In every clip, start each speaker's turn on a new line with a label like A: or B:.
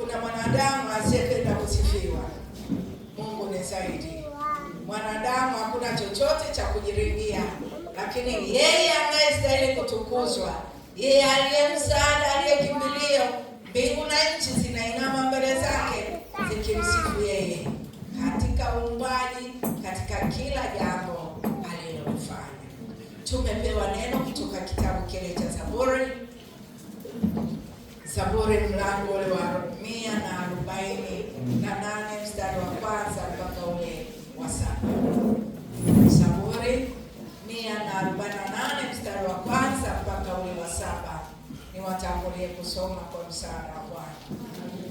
A: Kuna mwanadamu asiyependa kusifiwa. Mungu ni zaidi. Mwanadamu hakuna chochote cha kujiringia, lakini yeye anayestahili kutukuzwa, yeye aliye msaada, aliye kimbilio, mbingu na nchi zinainama mbele zake zikimsifu yeye, katika uumbaji, katika kila jambo alilofanya. Tumepewa neno kutoka kitabu kile cha Zaburi Zaburi mlango ule wa mia na arobaini na nane mstari wa kwanza mpaka ule wa saba. Zaburi mia na arobaini na nane mstari wa kwanza mpaka ule wa saba. Niwatangulie kusoma kwa msaada wa Bwana.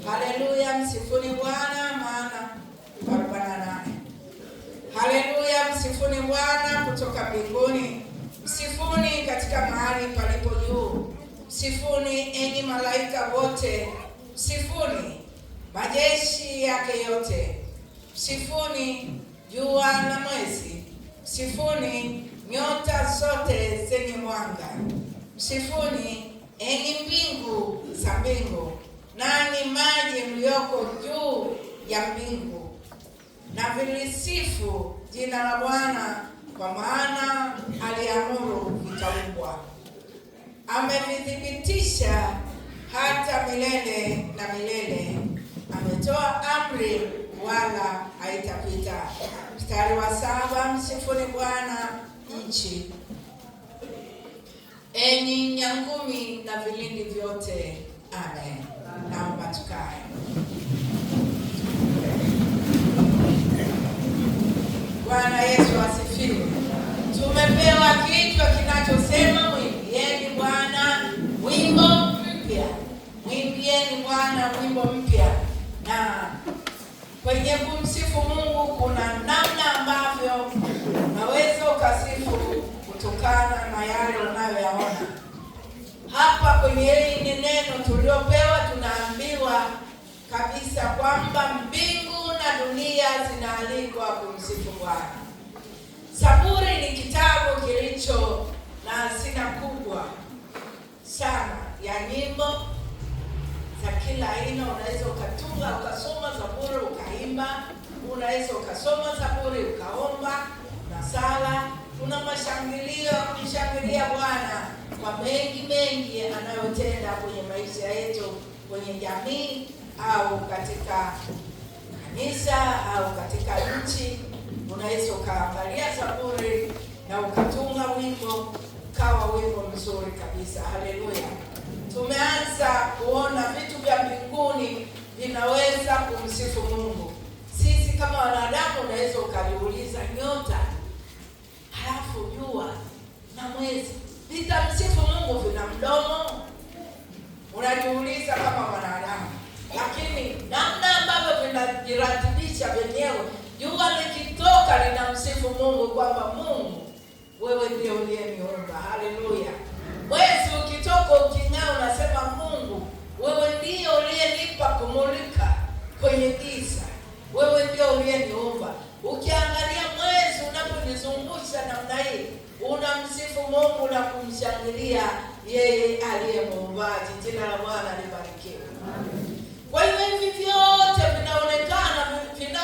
A: Haleluya, msifuni Bwana maana arobaini na nane. Haleluya, msifuni Bwana kutoka mbinguni, msifuni katika mahali palipo juu Msifuni enyi malaika wote, msifuni majeshi yake yote, msifuni jua na mwezi, sifuni nyota zote zenye mwanga, msifuni enyi mbingu za mbingu, nani maji mlioko juu ya mbingu, na vilisifu jina la Bwana, kwa maana aliamuru vikaumbwa amevithibitisha hata milele na milele, ametoa amri wala haitapita. Mstari wa saba. Msifuni Bwana nchi, enyi nyangumi na vilindi vyote. Amen. Naomba tukae. Bwana Yesu asifiwe. Tumepewa kichwa kina jamii au katika kanisa au katika nchi, unaweza ukaangalia zaburi na ukatunga wimbo ukawa wimbo mzuri kabisa. Haleluya! Tumeanza kuona vitu vya mbinguni vinaweza kumsifu Mungu. Sisi kama wanadamu, unaweza ukajiuliza nyota, halafu jua na mwezi vitamsifu Mungu, vina mdomo? Unajiuliza kama wanadamu lakini namna ambavyo vinajiratibisha wenyewe, jua likitoka linamsifu Mungu kwamba Mungu wewe ndio uliyeniumba. Haleluya! Mwezi ukitoka uking'aa, unasema Mungu wewe ndio uliyenipa kumulika kwenye giza, wewe ndio uliyeniumba. Ukiangalia mwezi unaponizungusha namna hii, unamsifu Mungu na kumshangilia yeye aliye muumbaji. Jina la Bwana libarikiwe. Kwa hivyo hivi vyote vinaonekana vina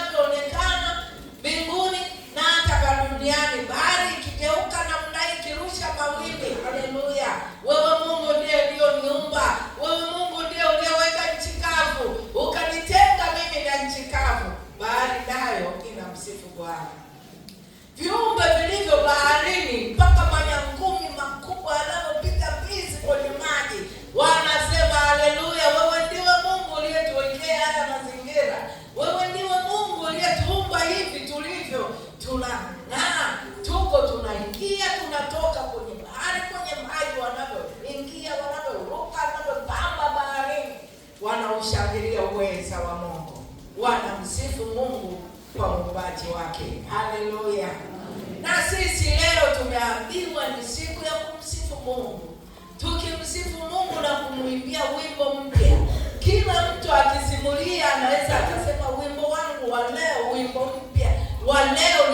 A: msimulia, anaweza akasema wimbo wangu wa leo, wimbo mpya wa leo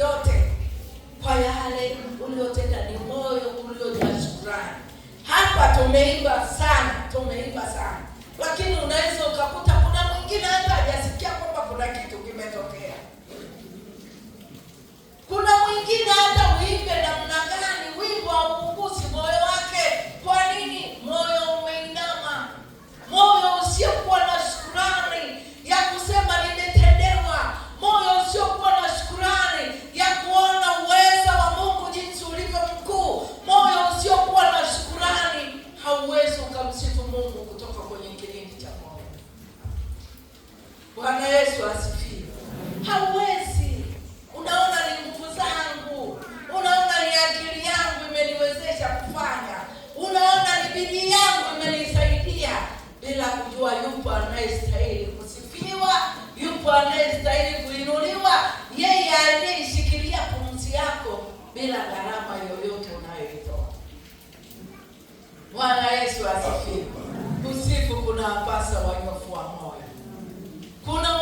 A: yote kwa yale uliotenda, ni moyo uliojaa shukrani. Hapa tumeimba yeye aliyeishikilia pumzi yako bila gharama yoyote unayoitoa. Bwana Yesu asifiwe. Usiku kuna wapasa wanyofu wa moyo kuna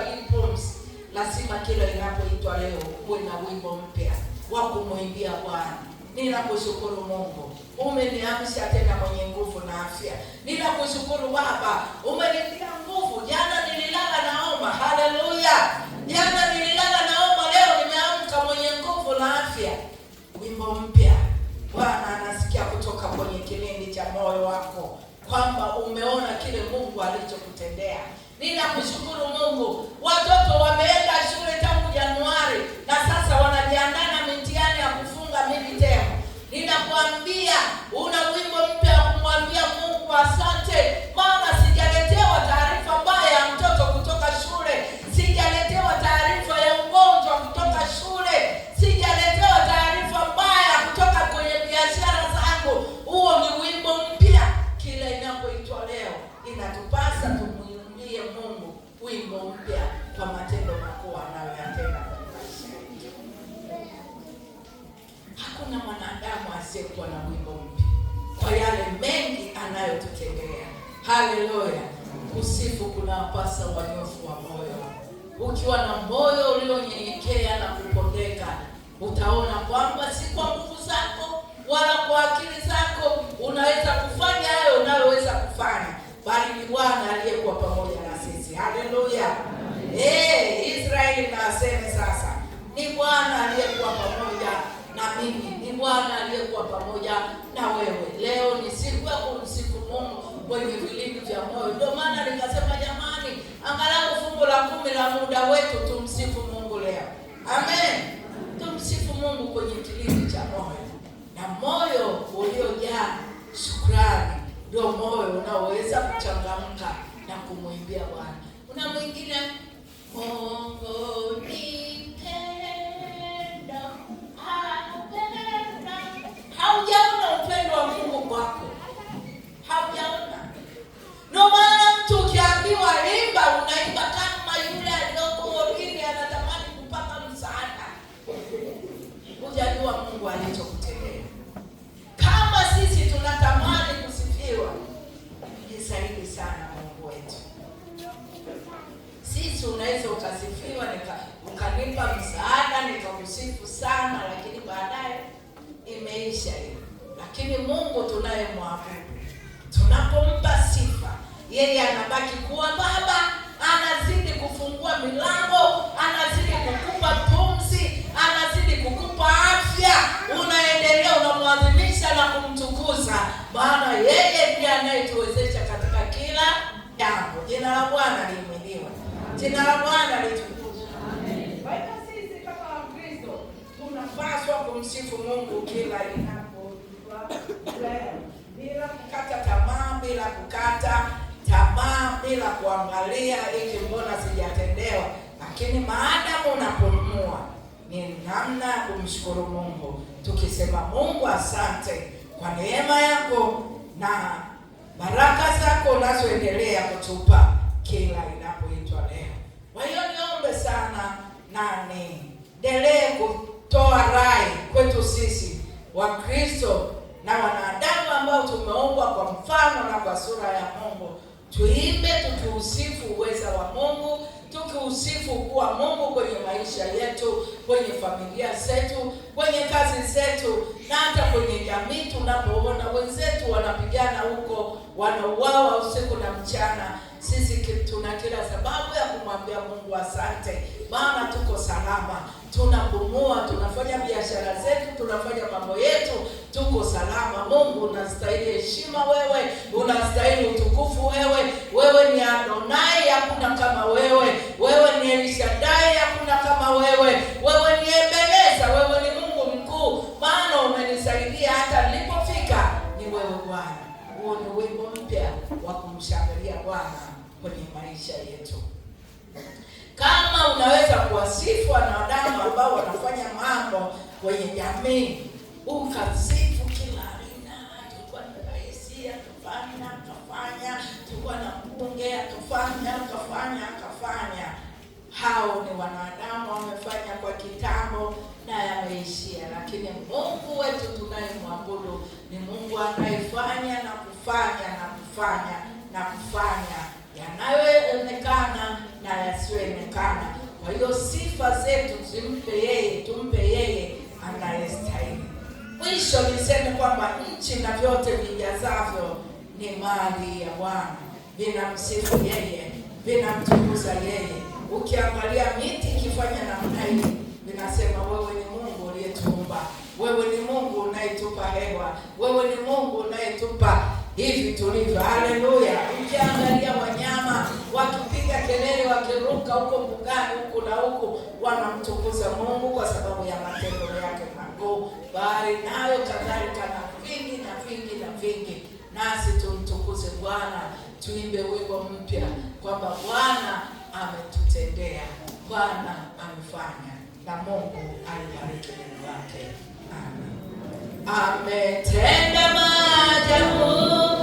A: kuimba hymns, lazima kila inapoitwa leo uwe na wimbo mpya wa kumwimbia Bwana. Ninakushukuru Mungu, umeniamsha tena mwenye nguvu na afya. Ninakushukuru Baba, umenitia nguvu. Jana nililala naomba, haleluya. Jana nililala naomba, leo nimeamka mwenye nguvu na afya. Wimbo mpya Bwana anasikia kutoka kwenye kilindi cha moyo wako kwamba umeona kile Mungu alichokutendea. Ninakushukuru Mungu watoto wameenda shule tangu Januari na sasa wanajiandaa na mitihani ya kufunga midterm. Ninakwambia unapasa wanyofu wa moyo. Ukiwa na moyo ulionyenyekea na kupondeka, utaona kwamba si kwa nguvu zako wala kwa akili zako unaweza kufanya hayo unayoweza kufanya, bali ni Bwana aliyekuwa pamoja na sisi. Haleluya! Hey, Israeli na aseme sasa, ni Bwana aliyekuwa pamoja na mimi, ni Bwana aliyekuwa pamoja na wewe. Leo ni siku ya kumsifu Mungu kwenye vilindi vya moyo, ndio maana nikasema angalau fungu la kumi la muda wetu tumsifu Mungu leo. Amen, tumsifu Mungu kwenye kilindi cha moyo, na moyo uliojaa shukrani ndio moyo unaoweza kuchangamka na kumwimbia Bwana. Kuna mwingine Mungu nikasifiwa, mkanipa msaada, nikakusifu sana, lakini baadaye imeisha hiyo. Lakini Mungu tunayemwabudu, tunapompa sifa, yeye anabaki kuwa Baba, anazidi kufungua milango, anazidi kukupa pumzi, anazidi kukupa afya, unaendelea unamwadhimisha na kumtukuza, maana yeye ndiye anayetuwezesha katika kila jambo. Jina la Bwana Jina la Bwana litukuzwe. Kwa hiyo sisi kama Wakristo tunapaswa kumsifu Mungu kila inapoitwa bila kukata tamaa, bila kukata tamaa, bila kuangalia hiki mbona sijatendewa, lakini maadamu unapumua ni namna kumshukuru Mungu, tukisema Mungu asante kwa neema yako na baraka zako unazoendelea kutupa kila kwa hiyo niombe sana nani, endelee kutoa rai kwetu sisi Wakristo na wanadamu ambao tumeumbwa kwa mfano na kwa sura ya Mungu, tuimbe tukiusifu uweza wa Mungu, tukiusifu kuwa Mungu kwenye maisha yetu, kwenye familia zetu, kwenye kazi zetu, na hata kwenye jamii tunapoona wenzetu wanapigana huko, wanauawa usiku na mchana sisi tuna kila sababu ya kumwambia Mungu asante, maana tuko salama, tunapumua, tunafanya biashara zetu, tunafanya mambo yetu, tuko salama. Mungu unastahili heshima, wewe unastahili utukufu, wewe wewe ni Adonai, hakuna kama wewe, wewe ni Elishadai, hakuna kama wewe, wewe ni Ebeneza, wewe ni Mungu mkuu, maana umenisaidia hata nilipofika. Ni wewe Bwana. Huo ni wimbo mpya wa kumshangilia Bwana kwenye maisha yetu. Kama unaweza kuwasifu wanadamu ambao wanafanya mambo kwenye jamii, ukasifu kila aina. Tulikuwa na rais akafanya akafanya, tukwa na mbunge akafanya akafanya akafanya. Hao ni wanadamu, wamefanya kwa kitambo na yameishia, lakini Mungu wetu tunayemwabudu ni Mungu anayefanya na kufanya na kufanya na kufanya yanayoonekana na yasiyoonekana. Kwa hiyo sifa zetu zimpe yeye, tumpe yeye anayestahili. Mwisho niseme kwamba nchi na vyote vijazavyo ni mali ya Bwana, vinamsifu yeye, vinamtukuza yeye. Ukiangalia miti ikifanya namna hii, vinasema wewe ni Mungu uliyetuumba, wewe ni Mungu unayetupa hewa, wewe ni Mungu unayetupa hivi tulivyo. Haleluya! ukiangalia wa wakipiga kelele, wakiruka huko mbugani huko na huko, wanamtukuza Mungu kwa sababu ya matendo yake Bali nayo kadhalika na vingi na vingi na vingi. Nasi tumtukuze Bwana, tuimbe wimbo mpya kwamba Bwana ametutendea, Bwana amefanya, na Mungu alibariki neno lake. Amen.
B: Ametenda maajabu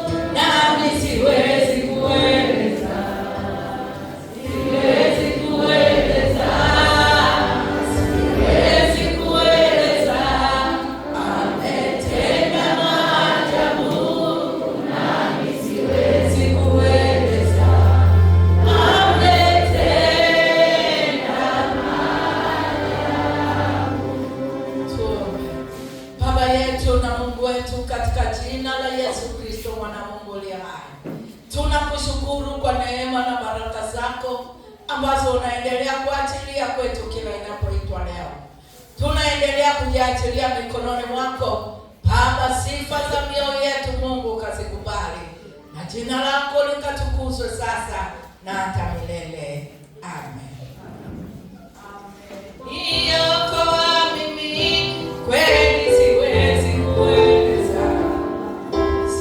A: kushukuru kwa neema na baraka zako ambazo unaendelea kuachilia kwetu kila inapoitwa leo. Tunaendelea kujiachilia mikononi mwako Baba, sifa za mioyo yetu Mungu kazikubali, na jina lako likatukuzwe sasa na hata milele. Amen.
B: Amen. Amen.